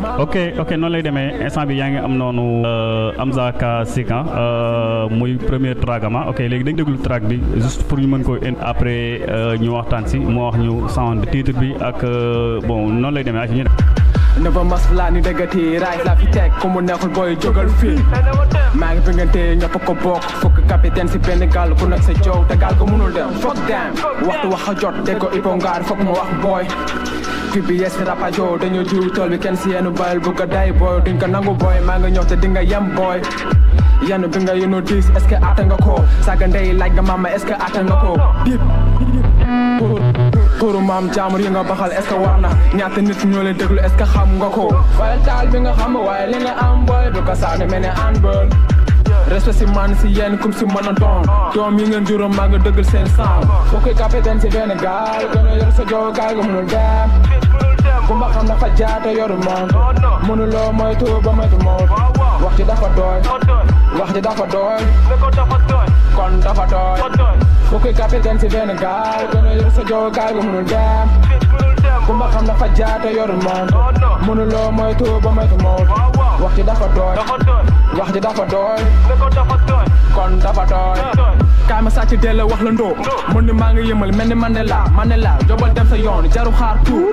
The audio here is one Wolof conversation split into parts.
ok ok noonu lay demee instant bi yaa ngi am noonu euh, Amza K Sikan ah, euh, muy premier track ama ah, ok léegi dañ déglu track bi juste pour ñu mën ko indi après euh, ñu waxtaan si moo wax ñu sound bi titre bi ak bon noonu lay demee ak ñu never must laa fi teg ku mu ko bokk fukk capitaine si benn gaal ku nekk sa jow te gaal ko mënul dem foog dem waxtu wax a jot dégg ko ipo foog ma wax booy dëkk bi yes rapajo dañoo jiw tool bi kenn si yenu bayal bu day booy duñ ko nangu booy maa nga ñox te di nga yem booy yanu bi nga yenu diis est aata nga ko saaga ndey laaj nga maama est-ce aata nga ko dip turu maam jaamur yi nga baxal est-ce na ñaata nit ñoo leen déglu xam nga ko waaye taal bi nga xam waaye nga am booy du ko saani an bol respect si man si yenn comme si mën a doon doom yi ngeen juróom maa nga dëggal seen sang boo koy capitaine benn gaal a ku ma xam dafa jaate yoru moom mënuloo moytu ba moytu moom wax ci dafa dooy wax ci dafa dooy kon dafa dooy fukki capitaine si benn gaal gën a yor sa jow gaal ga mënul dem ku ma xam dafa jaate yoru moom mënuloo moytu ba moytu moom wax ci dafa dooy wax ci dafa dooy kon dafa dooy kaay ma sàcc dee a wax la ndoo mën ni maa ngi yëmal mel ni Mandela Mandela jobal dem sa yoon jaru xaar tuur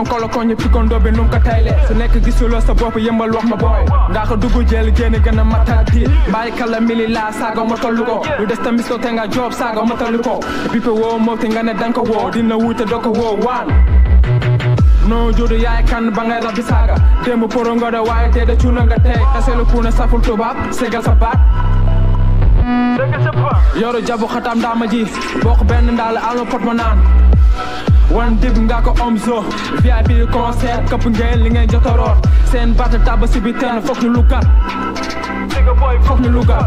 onkolo koñ pikondoo bi nu mu ko tayle su nekk gisuloo sa bopp yëmbal wax ma booy ngaa ko dugg jël génn gën a matati bàyyi kala mili laa saaga ma tollu ko lu des tamit ko te nga joob saaga ma tollu ko bippe woo moo te nga ne danga ko woo dina wuute doo ko woo waan non joodu yaay kan ba ngay rabbi saaga démb poro nga saful tubaab segal sa baat yoru jabu xatam ndaa ji bokk benn ndaal alma pot ma naan wan dib nga ko omzo VIP concert këpp ngeen li ngeen jotoroor seen bata taba si bi teen foog ñu lukat foog ñu lukat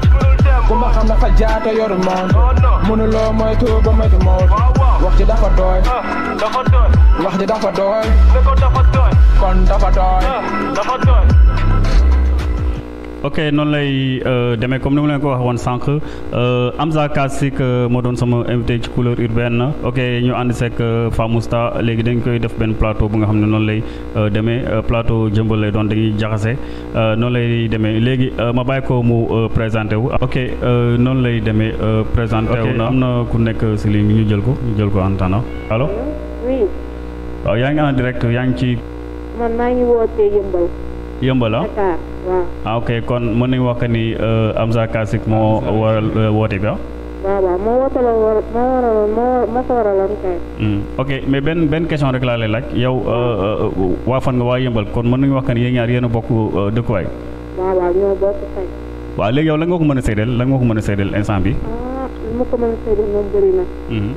ku ma xam dafa jaate yoru moon mënuloo moytu ba moytu moon wax ji ah, dafa doy wax ji dafa doy kon dafa doy ah, dafa doy ok noonu lay euh, demee comme ni mu leen ko wax woon sànq euh, Amza Kassik euh, moo doon sama invité ci couleur urbaine ok ñu ànd seeg Famousta léegi dañ koy def benn plateau bu nga xam ne noonu lay demee plateau jëmbal lay doon dañuy jaxase noonu lay demee léegi ma bàyyi ko mu présenté wu. ok noonu lay demee présenté na am na ku nekk si ligne ñu jël ko ñu jël ko en alo waaw yaa ngi en direct yaa ngi ci. man Yëmbal. Yëmbal ah? ah ok kon mën nañu wax que ni euh, Amza Kasik moo waral euh, woote bi ah. moo wootaloon war moo waraloon moo moo ko waraloon kay. Hmm, ok mais benn benn question rek laa lay yow euh, waa fan nga waa mën nañu wax que ni yéen ñaar yéen bokk dëkkuwaay. waaw waaw ñoo bokk kay. waaw léegi yow lan nga ko mën a seedeel lan nga ko mën a seedeel instant bi ah, lu ma ko mën a seedeel moom bëri na. Hmm.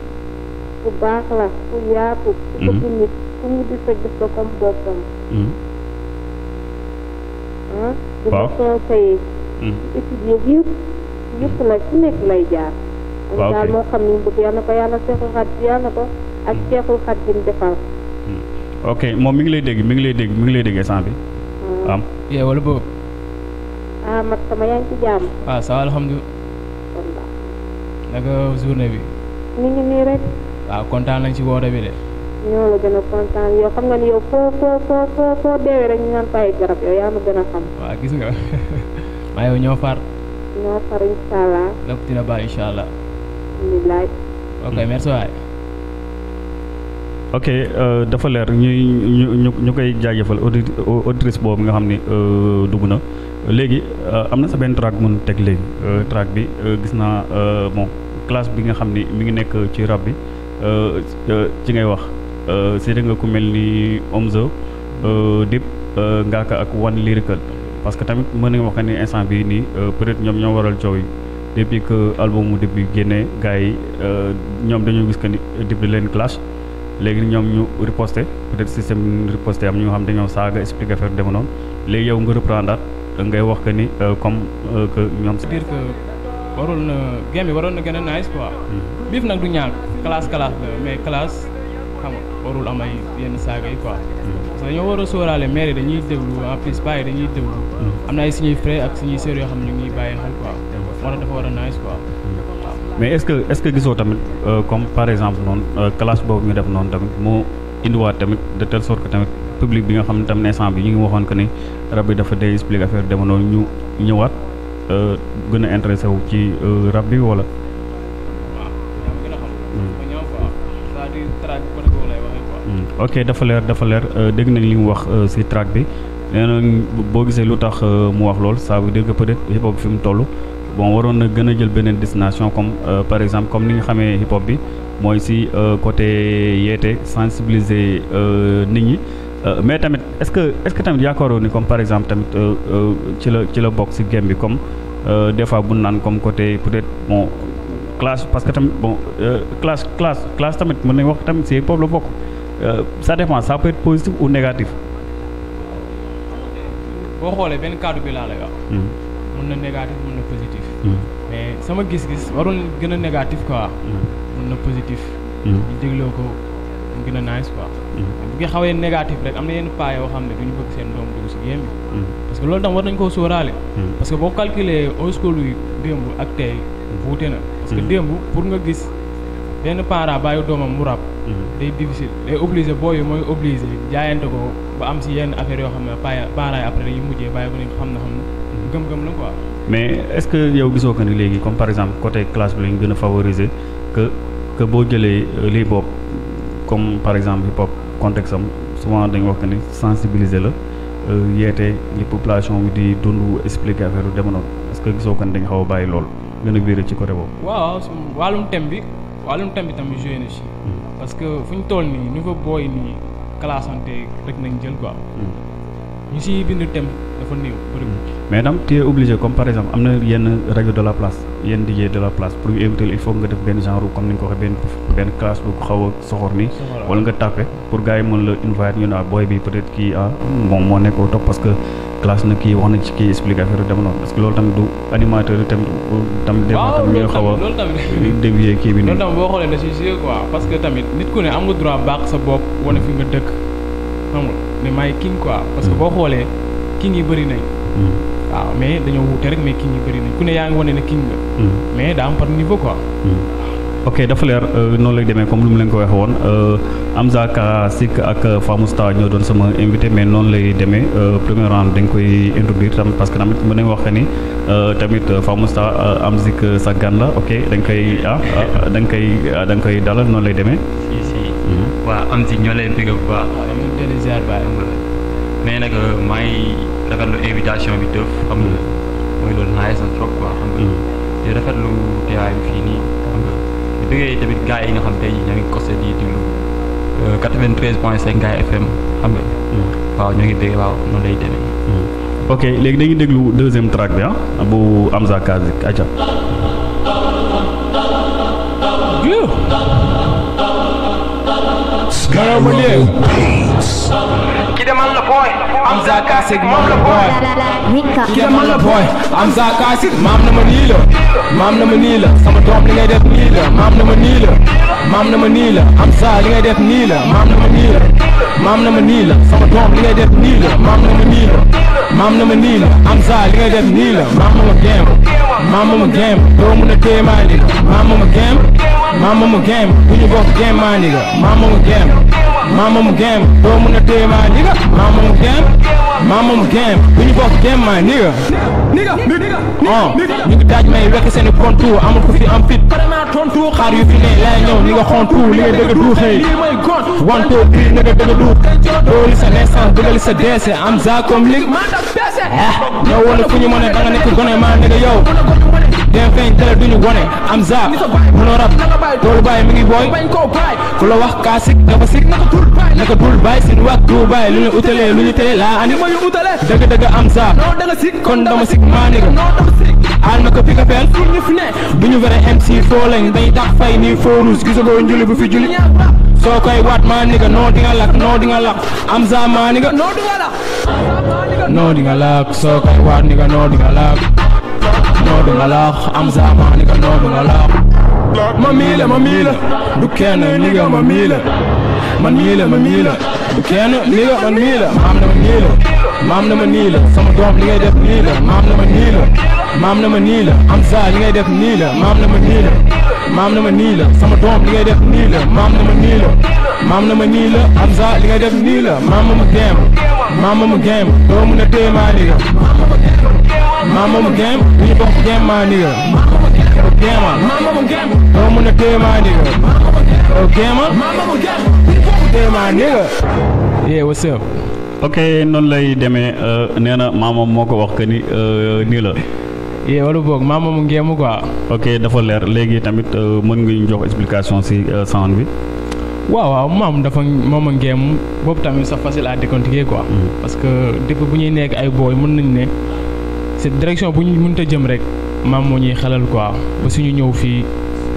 ku baax la ku yaatu. ku bëgg hmm. nit ku mu sa gis ko comme boppam. ah. waaw di ko conseillé. Hmm. étudier yëpp yëpp nekk lay jaar. moo xam ni mu bëgg yàlla na ko yàlla seexul xat yàlla ko ak hmm. seexul xat bi mu defal. Hmm. ok moom mi ngi lay dégg mi ngi lay dégg mi ngi lay dégg instant bi. am yee wala boobu. ah mag sama yaa ngi ci jàmm. waaw ah, ça va alhamdulilah. journée bi. mi ngi nii rek. waaw ah, kontaan lañ ci woote bi de. ñoo la gën a kontaan yow xam nga ni yow foo foo foo foo foo deewee rek ñu naan fay garab yow yaa ma gën a xam. waaw gis nga waaye yow ñoo far. ñoo far incha allah. lépp dina baax incha allah. alhamdulilah. ok merci euh, dafa leer ñuy ñu ñu koy jaajëfal audit boobu nga xam ni euh, dugg na léegi euh, am na sa benn track mun teg léegi track bi gis naa bon classe bi nga xam ni mi ngi nekk ci rab bi ci ngay wax. seeɗa nga ko mel omzo dip ngaka ak one lyrical parce que tamit mën nga wax ni instant bi ni eh, peut être ñom ñoo waral ciow depuis que album mu dip bi génné gaay ñom dañu gis que ni dip di leen clash légui ñom ñu riposté peut être système riposté am ñu xam dañu saga expliquer faire dem non légui yow nga reprendre ngay wax que ni comme que ñom c'est dire que warul na game bi warul na gëna nice quoi hmm. bif nak du ñaan classe classe mais classe xam yenn saaga yi quoi. parce dañoo war a sóoraale maire yi dañuy déglu en plus paa yi dañuy déglu. Hmm. am na ay suñuy frères ak suñuy sœurs yoo xam ne ñu ngi hmm. mais est que est-ce que gisoo tamit euh, comme par exemple noonu euh, classe boobu ñu def noonu tamit moo indiwaat tamit de telle sorte que tamit public bi nga xam ne tamit instant bi ñu ngi waxoon que ni rab bi dafa day expliquer affaire demoon ñu ñëwaat euh, gën a intéressé wu ci rab bi wala. ok dafa leer dafa leer euh, dégg nañ li mu wax ci euh, track bi nee na boo gisee lu tax euh, mu wax lool ça veut dire que peut-être hip hop fi mu toll bon waroon na gën a jël beneen destination comme par exemple comme ni nga xamee hip hop bi mooy ci côté yeete sensibiliser nit ñi. mais tamit est-ce que est-ce que tamit yaakaaroon ni comme par exemple tamit ci la ci la bokk ci game bi comme des fois bu naan comme côté peut-être bon classe parce que tamit bon classe classe classe tamit mën nañ wax tamit ci hip hop la bokk. euh, ça dépend ça peut être positif ou négatif. boo xoolee benn cadre bi laa lay wax. Hmm. mun na négatif mun na positif. Hmm. mais sama gis-gis warul gën a négatif quoi. Hmm. mun na positif. ñu dégloo ko mu gën a nice quoi. bu ngi xawee négatif rek am na yenn paa yoo xam ne du ñu bëgg seen doom dugg si game bi. parce que loolu tam war nañ koo sóoraale. parce que boo calculer au school yi démb ak tey wuute na. parce que démb pour nga gis benn parent bàyyi doomam mu rab. Mhm. day difficile day obligé booy mooy obligé jaayante ko ba am si yenn affaire yoo xam ne paa paaraay après yu mujjee bàyyi ko ni xam na xam mhm. gëm-gëm la quoi. mais est-ce que yow gisoo ko ni léegi comme par exemple côté classe bi lañ gën a favoriser que que boo jëlee euh, lii bopp comme par exemple hip hop contexte am souvent dañ wax que ni sensibiliser la euh, yeete li population bi di dund expliquer affaire yu demoon est-ce que gisoo ko ni dañ xaw a bàyyi lool gën a biir ci côté boobu. waaw wàllum thème bi. wàllum tamit tamit joué na si. Hmm. parce que fu ñu toll nii ñu niveau booy nii classante rek nañ jël quoi. Hmm. ñu siy bind thème dafa néew bëriwul. mais naam tu es obligé comme par exemple am na yenn rajo de la place yenn DJ de la place pour ñu éviter il faut nga def benn genre comme ni nga ko waxee benn benn classe bu xaw a soxor nii. wala nga tàppe pour gars yi mën la invite ñu naan booy bi peut être kii ah moom moo nekk au top parce que classe na kii wax na ci kii explique affaire dama noonu parce que loolu tamit du animateur yi tamit tamit. waaw tamit loolu xaw a dévier kii bi. loolu tamit boo xoolee da ciy quoi parce que tamit nit ku ne am nga droit baax sa bopp wane fi nga dëkk. xam nga ne maay king quoi. parce que hmm. boo xoolee king yi bëri nañ. Hmm. waaw mais dañoo wuute rek mais king yi bëri nañ ku ne yaa ngi wane ne king nga. Hmm. mais daa am par niveau quoi. ok dafa leer euh, noonu lay demee comme lu mu leen ko waxee woon euh, Amza Ka Sick ak euh, Famousta ñoo doon sama invité mais noonu lay demee premier dañ koy introduire tamit parce que tamit mën nañu wax ni tamit Famousta am Sick sa gan la ok dañ koy ah, ah dañ koy ah, dañ koy dalal noonu lay demee. waaw am si ñoo leen bëgg bu baax. mais nag euh, maa ngi rafetlu invitation bi def xam nga mm. mooy loolu naaj na trop quoi xam nga. Mm. di rafetlu teewaay bi fii nii xam bëggee tamit gars yi nga xam tey ñoo ngi costé di déglu 93 euh, point 5 Ngaye mm. ñoo ngi bëgg waaw noonu lay léegi dañuy déglu deuxième track bi ah bu Amza Kazik acca. Girl, my name. Get boy. I'm mom the boy. Get the boy. I'm Manila. Manila. dropping at that Manila. Mom the Manila. Mom the Manila. I'm sorry at that Manila. Mom the Manila. Mom the Manila. Some dropping at that Manila. Mom the Manila. Mama no me nina, I'm sorry, nigga that's Nila. Mama my gamma, mama my gamma. Throw me the day, my nigga. Mama my gamma, mama my gamma. When you both gamma, my nigga. Mama my gamma, mama my gamma. Throw me the day, my nigga. Mama my gamma. My mama game, we need both game, my nigga. Nigga, nigga, nigga, nigga. Ah. Nigga daaj may wekk seen i contour amul ko fi am fit. xaar yu fi ne lay ñëw ni nga xontu li nga dëgg du xëy. one two three nigga dëgg du. dooli sa naissance dëggali sa deese am za comme lig. ah eh, fu ñu mën a danga nekk gone maa nigga yow. dina feeñ tele duñu wone am za mënoo rab loolu bàyyi mi ngi booy ku la wax kaa sik dafa sik naka dul bàyyi seen wax du bàyyi lu ñu utalee lu ñu tele laa andi dëgg dëgg am za kon dama sik maa ni aal na ko fi ka feel du ñu vrai MC foo lañ day tax fay nii foo ruus gisagoo njuli bu fi juli soo koy waat maa ni noo di nga lakk noo di nga lakk am za maa ni noo di nga lakk soo koy waat ni noo di nga lakk doo du ma laax am zaama ni ka doo du ma laax ma mii la ma mii la du kenn ni nga ma mii la man mii la ma mii la du kenn ni nga man mii la maam na ma nii la maam na ma nii la sama doom li ngay def nii la maam na ma nii la maam na ma nii la am zaa li ngay def nii la maam na ma nii la maam na ma nii la sama doom li ngay def nii la maam na ma nii la maam na ma nii la am zaa li ngay def nii la maam ma ma géem maam ma ma géem doomu na téemaa ni la Mama mo game, we the both game my nigga. Mama mo oh, game, mama mo game, mama mo game my nigga. Oh game, mama mo game, we my nigga. Yeah, what's up? ok noonu lay demee uh, nee na maamam moo ko wax que ni uh, nii la. yee wala boog maamam ngeemu quoi. ok dafa leer legi tamit uh, mën nga njok jox explication si sound bi. waaw waaw maam dafa moom a ngeem boobu tamit sa facile à décontinuer quoi. Mm-hmm. parce que depuis bu ñuy nekk ay booy mën nañu ne. si direction bu ñu mënta jëm rek maam moo ñuy xelal quoi ba suñu ñëw fii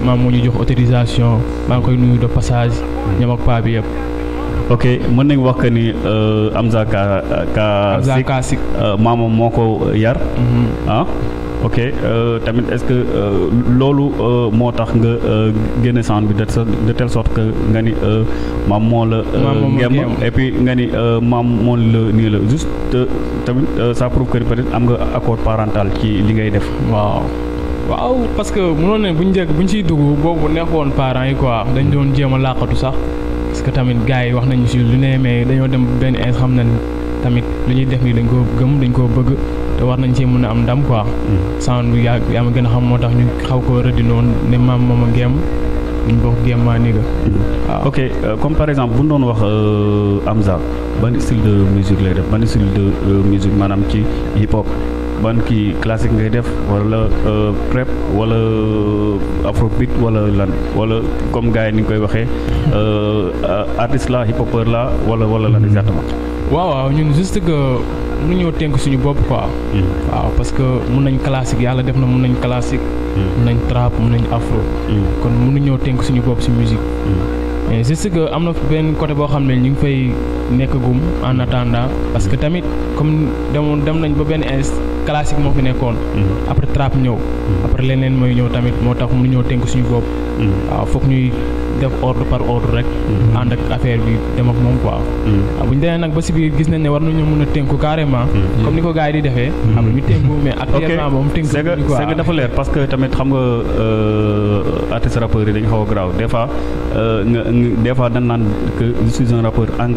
maam moo ñuy jox autorisation maa ngi koy nuyu de passage ñoom ak paa bi yëpp. ok mën nañ wax que ni euh, Amza Ka Ka. Amza Ka Sik euh, moo ko yar. Mhm. ah. ok euh, tamit est-ce que euh, loolu euh, moo tax nga génne saan bi de de telle sorte que nga ni maam moo la. ngem et puis nga ni maam moom la nii la juste tamit sa prouve que peut-être am nga accord parental ci li ngay def. waaw waaw parce que mënoon na bu ñu njëkk bu ñu siy dugg boobu nekkoon parents yi quoi dañ doon jéem a làqatu sax parce que tamit gars yi wax nañu si lu ne mais dañoo dem benn instant xam nañ tamit lu ñuy def nii dañ koo gëm dañ koo bëgg. te war nañ cee mën a am ndam quoi. Mm. sound bi yaa yaa ma gën a xam moo tax ñu xaw ko rëdd noonu ne maam moom a ngeem ñu bokk ngeem néega mm-hmm. waaw euh, comme par exemple bu ñu doon wax euh, Amza ban style de musique lay def ban style de musique maanaam ci hip hop. ban ki classique ngay def wala prep euh, wala afrobeat wala lan wala comme gars yi ni ñu koy waxee artiste la hip hopeur la wala wala lan mm-hmm. exactement. waaw waaw ñun juste que. mënuñoo tënk suñu bopp ko hmm. waaw parce que mun nañ classique yàlla def na mun nañ classique. Hmm. mun nañ trap mun nañ afro. Hmm. kon mënuñoo tenk suñu bopp si musique. mais c'est que am na benn côté boo xam ne ñu ngi fay nekk gum en attendant parce que tamit comme demoon dem nañ ba benn inst classique moo fi nekkoon. après trap ñëw. après leneen mooy ñëw tamit moo tax mënuñoo tënk suñu bopp. waaw foog ñuy. def ordre par ordre rek. ànd ak affaire bi dem ak moom quoi. Mm. bu ñu demee nag ba si biir gis nañ ne war nañu mën a tënku carrément. Mm. Mm. comme ni ko gars yi di defee. am na ñu tënku mais que dafa xam nga euh, artiste rappeurs yi dañu xaw a grave des fois euh, nga des fois dañ naan que je suis un rappeur xam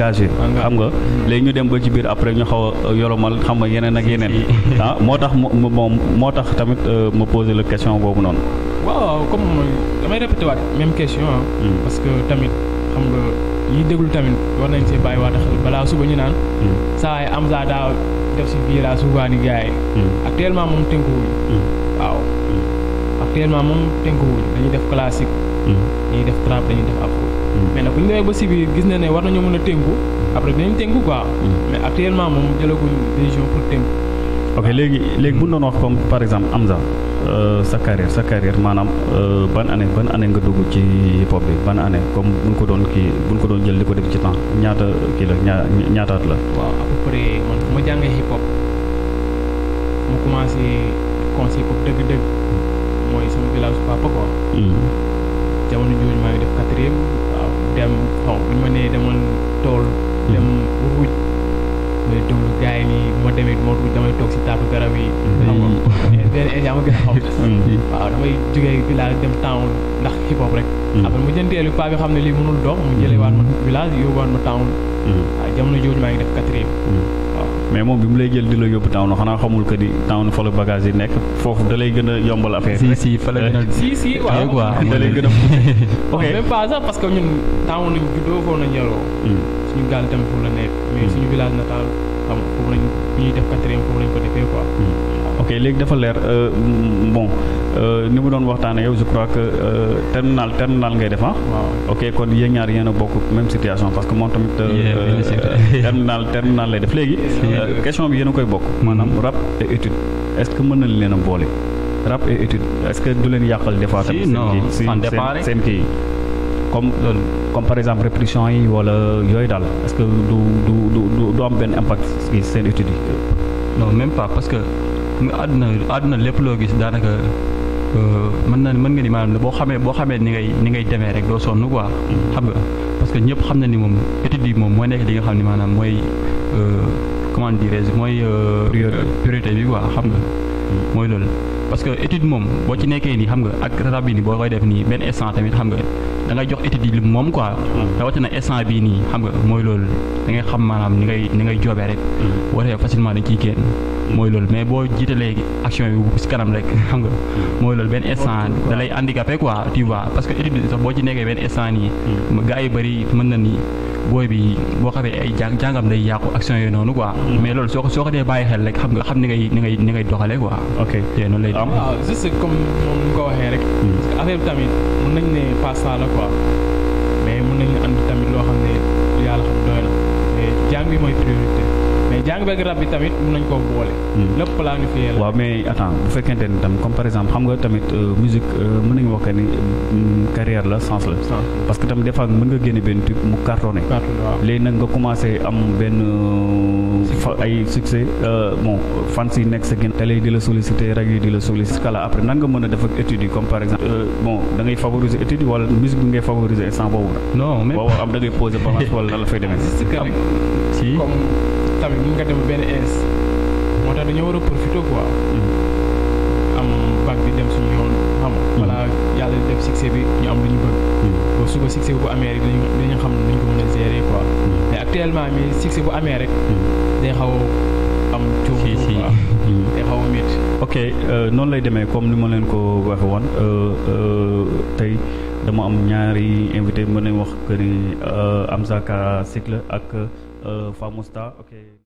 nga léegi ñu dem ba ci biir après ñu xaw a yolomal xam nga yeneen ak yeneen. ah moo tax moo moo tax tamit euh, ma posé la question boobu noonu. waaw comme damay répété waat même question ah. hmm. parce que tamit xam nga ñiy déglu tamit war nañ see bàyyi waat xel balaa suba ñu naan. Hmm. saa yi Amza daa def si virage souvent ni gars yi. Hmm. actuellement moom tënkuwuñ. waaw actuellement moom tënkuwuñ dañuy def classique. dañuy def trap dañuy def afro. mais nag bu ba si biir gis na ne war nañoo mën a tënku après dinañ tënku quoi. mais actuellement moom jëlaguñ décision pour tënku. ok léegi léegi bu doon wax comme par exemple Amza euh, sa carrière sa carrière maanaam euh, ban année ban année nga dugg ci hip hop bi ban année comme buñ ko doon kii buñ ko doon jël di ko def ci temps ñaata kii la ñaa ñaataat la. waaw à peu près man fu ma jàngee hip hop mu commencé conseil hip hop dëgg-dëgg mooy sama village papa quoi. Hmm. jamono jooju maa ngi def quatrième waaw dem xaw bu ñu ma nee demal tool dem wuuj hmm. may déglu gars yi nii bu ma demee moo damay toog si taatu garab yi. Mm-hmm. xam nga benn instant ma gën a xaw. waaw damay jógee village dem town ndax hip hop rek. Mm-hmm. après mu jëndeelu paa bi xam ne lii mënul dox mu jëlee waat ma mm-hmm. village yóbbuwaat ma town. waaw jamono jooju maa ngi def quatrième. mais moom bi mu lay jël di la yóbbu town xanaa xamul que ni town fa la bagage yi nekk foofu da lay gën a yombal affaire si si fa la gën a eh. si si waaw eh, da lay gën a ok même pas sax parce que ñun town lañ juddoo foofu nañ yaroo hmm. suñu gaal tamit foofu la nekk mais suñu village natal xam foofu def quatrième foofu lañ hmm. ok léegi dafa leer euh, bon euh, ni mu doon waxtaanee yow je crois que euh, terminal terminal ngay def ah? waaw ok kon yéen ñaar yéen a bokk même situation parce que moo tamit. terminal terminal lay def léegi. question bi yéen koy bokk. maanaam rap et étude est-ce que mën nañ leen a boole. rap et étude est-ce que du leen yàqal des fois. tamit seen kii comme euh, comme par exemple répression wala est-ce que du du un impact ci étude non même pas parce que gis euh, na nga ni parce que nous xam na ni euh, comment dirais-je priorité bi quoi xam mm-hmm. parce que étude moom boo ci nekkee nii xam nga ak rab bi nii boo koy def nii benn instant tamit xam nga da jox étude yi moom quoi. Mm. rawatina instant bii nii xam nga mooy loolu da ngay xam maanaam ni ngay ni ngay joobee rek. waree mm. facilement dañ ciy génn. mooy loolu mais boo jiitalee action yi si kanam rek xam nga mooy loolu benn instant da lay handicapé quoi parce que boo ci nekkee benn instant nii hmm. gars yi bëri mën na ni booy bi boo xamee ay jàng jàngam day yàqu action yooyu noonu quoi hmm. mais loolu soo soo ko dee bàyyi xel xam nga xam ni ngay ni ngay ni ngay doxalee quoi ok te noonu ah, ah, comme moom nu ko waxee rek hmm. parce que affaire bi tamit mën nañ ne passe la quoi mais mën nañ ne andi tamit loo xam ne yàlla xam doy na jang bi mooy priorité mais jàng beeg rab bi tamit mun nañ koo boole. Hmm. lépp planifié la. waaw mais attends bu fekkente ni tam comme par exemple xam nga tamit euh, musique euh, mën nañu wax que ni mm, carrière la sens la. parce que tam des fois mën nga génne benn tube mu cartonné. cartonné waaw nga commencé am benn euh, ay succès bon fans yi nekk sa gën télé di la solliciter rek di la solliciter kala après nan nga mën a def ak études yi comme par exemple bon da ngay favoriser études wala musique bi ngay favoriser instant boobu. non mais boobu am da ngay poser balance wala la fay demee. si comme tamit mun nga dem benn es moo tax dañoo war a profité quoi. Hmm. am bac bi dem suñu yoon xam hmm. balaa yàlla def succès bi ñu am lu ñu bëgg. Hmm. ba suba succès bu amee rek dañu dañu xam nu ñu ko mën a gérer quoi. mais actuellement mi succès bu amee rek. day xaw am coono quoi day xaw a métti. ok euh, noonu lay demee comme ni ma leen ko waxee woon euh, euh, tey dama am ñaari invité mën nañ wax que ni Amsa Ka Sick la ak. uh, Famusta. Okay.